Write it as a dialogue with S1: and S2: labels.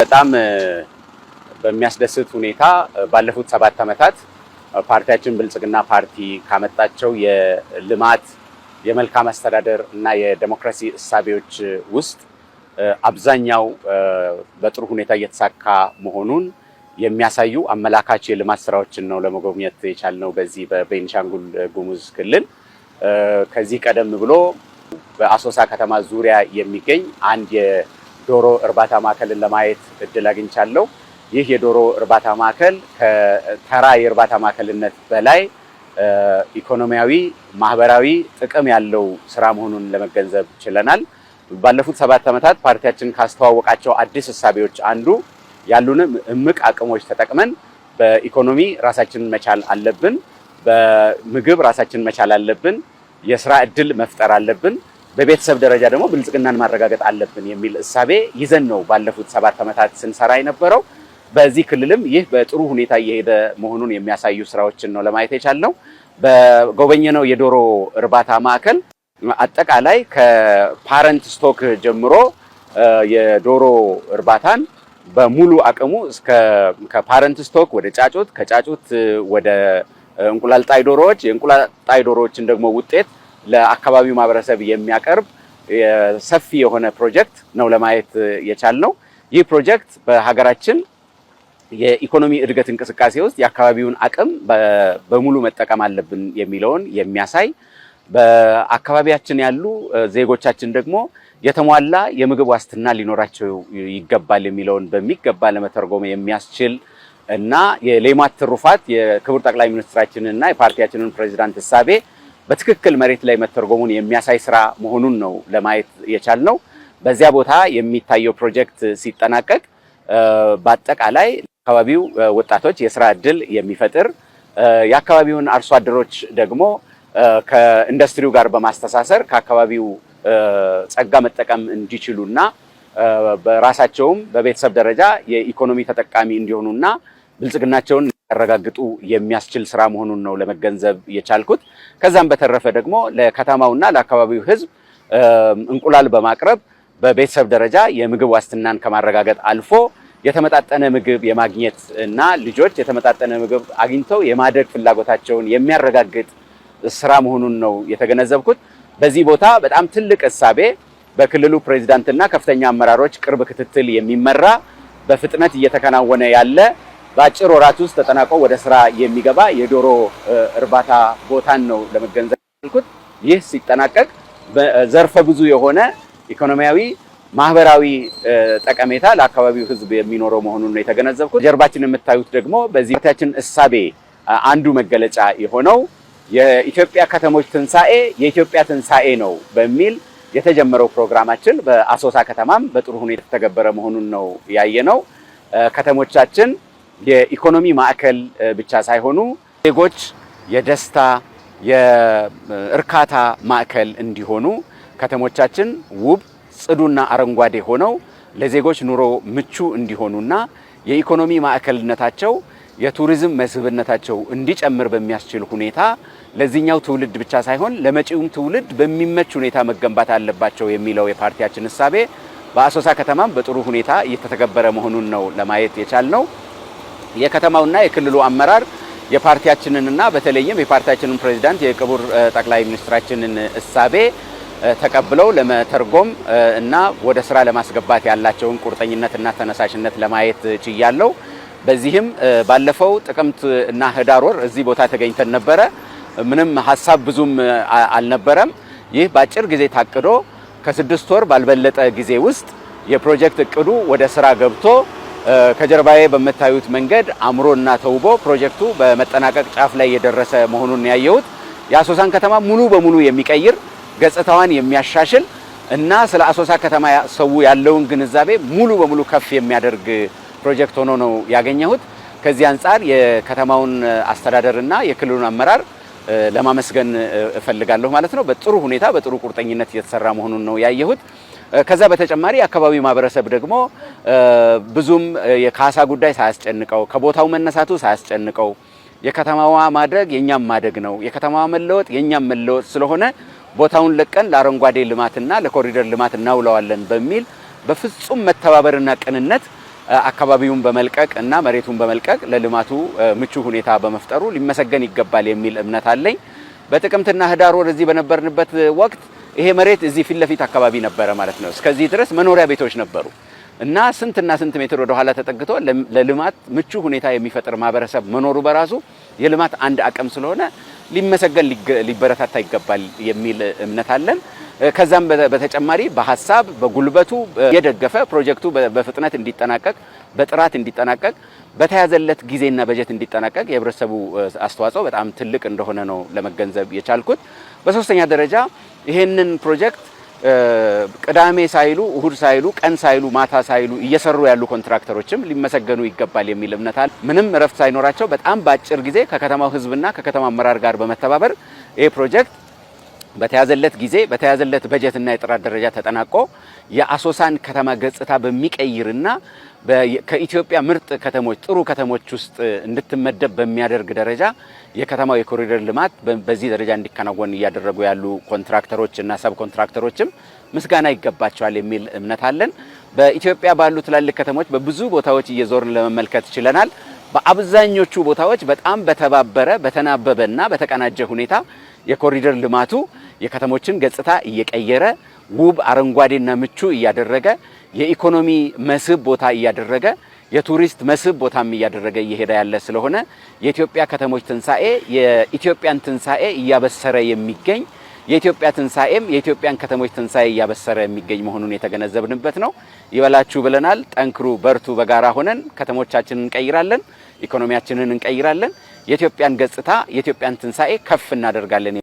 S1: በጣም በሚያስደስት ሁኔታ ባለፉት ሰባት ዓመታት ፓርቲያችን ብልጽግና ፓርቲ ካመጣቸው የልማት የመልካም አስተዳደር እና የዴሞክራሲ እሳቤዎች ውስጥ አብዛኛው በጥሩ ሁኔታ እየተሳካ መሆኑን የሚያሳዩ አመላካች የልማት ስራዎችን ነው ለመጎብኘት የቻልነው በዚህ በቤንሻንጉል ጉሙዝ ክልል። ከዚህ ቀደም ብሎ በአሶሳ ከተማ ዙሪያ የሚገኝ አንድ የዶሮ እርባታ ማዕከልን ለማየት እድል አግኝቻለሁ። ይህ የዶሮ እርባታ ማዕከል ከተራ የእርባታ ማዕከልነት በላይ ኢኮኖሚያዊ፣ ማህበራዊ ጥቅም ያለው ስራ መሆኑን ለመገንዘብ ችለናል። ባለፉት ሰባት ዓመታት ፓርቲያችን ካስተዋወቃቸው አዲስ እሳቤዎች አንዱ ያሉን እምቅ አቅሞች ተጠቅመን በኢኮኖሚ ራሳችንን መቻል አለብን፣ በምግብ ራሳችንን መቻል አለብን የስራ እድል መፍጠር አለብን። በቤተሰብ ደረጃ ደግሞ ብልጽግናን ማረጋገጥ አለብን የሚል እሳቤ ይዘን ነው ባለፉት ሰባት ዓመታት ስንሰራ የነበረው። በዚህ ክልልም ይህ በጥሩ ሁኔታ እየሄደ መሆኑን የሚያሳዩ ስራዎችን ነው ለማየት የቻልነው። በጎበኘነው የዶሮ እርባታ ማዕከል አጠቃላይ ከፓረንት ስቶክ ጀምሮ የዶሮ እርባታን በሙሉ አቅሙ ከፓረንት ስቶክ ወደ ጫጩት፣ ከጫጩት ወደ እንቁላል ጣይ ዶሮዎች፣ የእንቁላል ጣይ ዶሮዎችን ደግሞ ውጤት ለአካባቢው ማህበረሰብ የሚያቀርብ ሰፊ የሆነ ፕሮጀክት ነው ለማየት የቻልነው። ይህ ፕሮጀክት በሀገራችን የኢኮኖሚ እድገት እንቅስቃሴ ውስጥ የአካባቢውን አቅም በሙሉ መጠቀም አለብን የሚለውን የሚያሳይ በአካባቢያችን ያሉ ዜጎቻችን ደግሞ የተሟላ የምግብ ዋስትና ሊኖራቸው ይገባል የሚለውን በሚገባ ለመተርጎም የሚያስችል እና የሌማት ትሩፋት የክቡር ጠቅላይ ሚኒስትራችንንና የፓርቲያችንን ፕሬዚዳንት እሳቤ በትክክል መሬት ላይ መተርጎሙን የሚያሳይ ስራ መሆኑን ነው ለማየት የቻልነው። በዚያ ቦታ የሚታየው ፕሮጀክት ሲጠናቀቅ በአጠቃላይ አካባቢው ወጣቶች የስራ እድል የሚፈጥር የአካባቢውን አርሶ አደሮች ደግሞ ከኢንዱስትሪው ጋር በማስተሳሰር ከአካባቢው ጸጋ መጠቀም እንዲችሉና በራሳቸውም በቤተሰብ ደረጃ የኢኮኖሚ ተጠቃሚ እንዲሆኑና ብልጽግናቸውን ያረጋግጡ የሚያስችል ስራ መሆኑን ነው ለመገንዘብ የቻልኩት። ከዛም በተረፈ ደግሞ ለከተማውና ለአካባቢው ህዝብ እንቁላል በማቅረብ በቤተሰብ ደረጃ የምግብ ዋስትናን ከማረጋገጥ አልፎ የተመጣጠነ ምግብ የማግኘት እና ልጆች የተመጣጠነ ምግብ አግኝተው የማደግ ፍላጎታቸውን የሚያረጋግጥ ስራ መሆኑን ነው የተገነዘብኩት። በዚህ ቦታ በጣም ትልቅ እሳቤ በክልሉ ፕሬዚዳንትና ከፍተኛ አመራሮች ቅርብ ክትትል የሚመራ በፍጥነት እየተከናወነ ያለ በአጭር ወራት ውስጥ ተጠናቆ ወደ ስራ የሚገባ የዶሮ እርባታ ቦታን ነው ለመገንዘብ ያልኩት። ይህ ሲጠናቀቅ ዘርፈ ብዙ የሆነ ኢኮኖሚያዊ፣ ማህበራዊ ጠቀሜታ ለአካባቢው ህዝብ የሚኖረው መሆኑን ነው የተገነዘብኩት። ጀርባችን የምታዩት ደግሞ በዚህ ታችን እሳቤ አንዱ መገለጫ የሆነው የኢትዮጵያ ከተሞች ትንሣኤ የኢትዮጵያ ትንሣኤ ነው በሚል የተጀመረው ፕሮግራማችን በአሶሳ ከተማም በጥሩ ሁኔታ የተገበረ መሆኑን ነው ያየነው። ከተሞቻችን የኢኮኖሚ ማዕከል ብቻ ሳይሆኑ ዜጎች የደስታ የእርካታ ማዕከል እንዲሆኑ ከተሞቻችን ውብ ጽዱና አረንጓዴ ሆነው ለዜጎች ኑሮ ምቹ እንዲሆኑና የኢኮኖሚ ማዕከልነታቸው የቱሪዝም መስህብነታቸው እንዲጨምር በሚያስችል ሁኔታ ለዚህኛው ትውልድ ብቻ ሳይሆን ለመጪውም ትውልድ በሚመች ሁኔታ መገንባት አለባቸው የሚለው የፓርቲያችን እሳቤ በአሶሳ ከተማም በጥሩ ሁኔታ እየተተገበረ መሆኑን ነው ለማየት የቻልነው። የከተማውና የክልሉ አመራር የፓርቲያችንንና በተለይም የፓርቲያችንን ፕሬዚዳንት የክቡር ጠቅላይ ሚኒስትራችንን እሳቤ ተቀብለው ለመተርጎም እና ወደ ስራ ለማስገባት ያላቸውን ቁርጠኝነትና ተነሳሽነት ለማየት ችያለው። በዚህም ባለፈው ጥቅምት እና ህዳር ወር እዚህ ቦታ ተገኝተን ነበረ። ምንም ሀሳብ ብዙም አልነበረም። ይህ በአጭር ጊዜ ታቅዶ ከስድስት ወር ባልበለጠ ጊዜ ውስጥ የፕሮጀክት እቅዱ ወደ ስራ ገብቶ ከጀርባዬ በምታዩት መንገድ አምሮ እና ተውቦ ፕሮጀክቱ በመጠናቀቅ ጫፍ ላይ የደረሰ መሆኑን ያየሁት የአሶሳን ከተማ ሙሉ በሙሉ የሚቀይር ገጽታዋን የሚያሻሽል እና ስለ አሶሳ ከተማ ሰው ያለውን ግንዛቤ ሙሉ በሙሉ ከፍ የሚያደርግ ፕሮጀክት ሆኖ ነው ያገኘሁት። ከዚህ አንጻር የከተማውን አስተዳደርና የክልሉን አመራር ለማመስገን እፈልጋለሁ ማለት ነው። በጥሩ ሁኔታ በጥሩ ቁርጠኝነት እየተሰራ መሆኑን ነው ያየሁት። ከዛ በተጨማሪ የአካባቢው ማህበረሰብ ደግሞ ብዙም የካሳ ጉዳይ ሳያስጨንቀው ከቦታው መነሳቱ ሳያስጨንቀው የከተማዋ ማደግ የኛም ማደግ ነው፣ የከተማዋ መለወጥ የኛም መለወጥ ስለሆነ ቦታውን ለቀን ለአረንጓዴ ልማትና ለኮሪደር ልማት እናውለዋለን በሚል በፍጹም መተባበርና ቅንነት አካባቢውን በመልቀቅ እና መሬቱን በመልቀቅ ለልማቱ ምቹ ሁኔታ በመፍጠሩ ሊመሰገን ይገባል የሚል እምነት አለኝ። በጥቅምትና ህዳር ወደዚህ በነበርንበት ወቅት ይሄ መሬት እዚህ ፊት ለፊት አካባቢ ነበረ ማለት ነው። እስከዚህ ድረስ መኖሪያ ቤቶች ነበሩ እና ስንት እና ስንት ሜትር ወደ ኋላ ተጠግቶ ለልማት ምቹ ሁኔታ የሚፈጥር ማህበረሰብ መኖሩ በራሱ የልማት አንድ አቅም ስለሆነ ሊመሰገን ሊበረታታ ይገባል የሚል እምነት አለን። ከዛም በተጨማሪ በሀሳብ በጉልበቱ የደገፈ ፕሮጀክቱ በፍጥነት እንዲጠናቀቅ በጥራት እንዲጠናቀቅ በተያዘለት ጊዜና በጀት እንዲጠናቀቅ የህብረተሰቡ አስተዋጽኦ በጣም ትልቅ እንደሆነ ነው ለመገንዘብ የቻልኩት። በሶስተኛ ደረጃ ይሄንን ፕሮጀክት ቅዳሜ ሳይሉ እሁድ ሳይሉ ቀን ሳይሉ ማታ ሳይሉ እየሰሩ ያሉ ኮንትራክተሮችም ሊመሰገኑ ይገባል የሚል እምነት አለ። ምንም እረፍት ሳይኖራቸው በጣም በአጭር ጊዜ ከከተማው ሕዝብና ከከተማ አመራር ጋር በመተባበር ይሄ ፕሮጀክት በተያዘለት ጊዜ በተያዘለት በጀትና የጥራት ደረጃ ተጠናቆ የአሶሳን ከተማ ገጽታ በሚቀይርና ከኢትዮጵያ ምርጥ ከተሞች ጥሩ ከተሞች ውስጥ እንድትመደብ በሚያደርግ ደረጃ የከተማው የኮሪደር ልማት በዚህ ደረጃ እንዲከናወን እያደረጉ ያሉ ኮንትራክተሮች እና ሰብ ኮንትራክተሮችም ምስጋና ይገባቸዋል የሚል እምነት አለን። በኢትዮጵያ ባሉ ትላልቅ ከተሞች በብዙ ቦታዎች እየዞርን ለመመልከት ችለናል። በአብዛኞቹ ቦታዎች በጣም በተባበረ በተናበበና በተቀናጀ ሁኔታ የኮሪደር ልማቱ የከተሞችን ገጽታ እየቀየረ ውብ አረንጓዴና ምቹ እያደረገ የኢኮኖሚ መስህብ ቦታ እያደረገ የቱሪስት መስህብ ቦታም እያደረገ እየሄደ ያለ ስለሆነ የኢትዮጵያ ከተሞች ትንሳኤ የኢትዮጵያን ትንሳኤ እያበሰረ የሚገኝ የኢትዮጵያ ትንሳኤም የኢትዮጵያን ከተሞች ትንሳኤ እያበሰረ የሚገኝ መሆኑን የተገነዘብንበት ነው። ይበላችሁ ብለናል። ጠንክሩ፣ በርቱ። በጋራ ሆነን ከተሞቻችንን እንቀይራለን፣ ኢኮኖሚያችንን እንቀይራለን፣ የኢትዮጵያን ገጽታ የኢትዮጵያን ትንሳኤ ከፍ እናደርጋለን።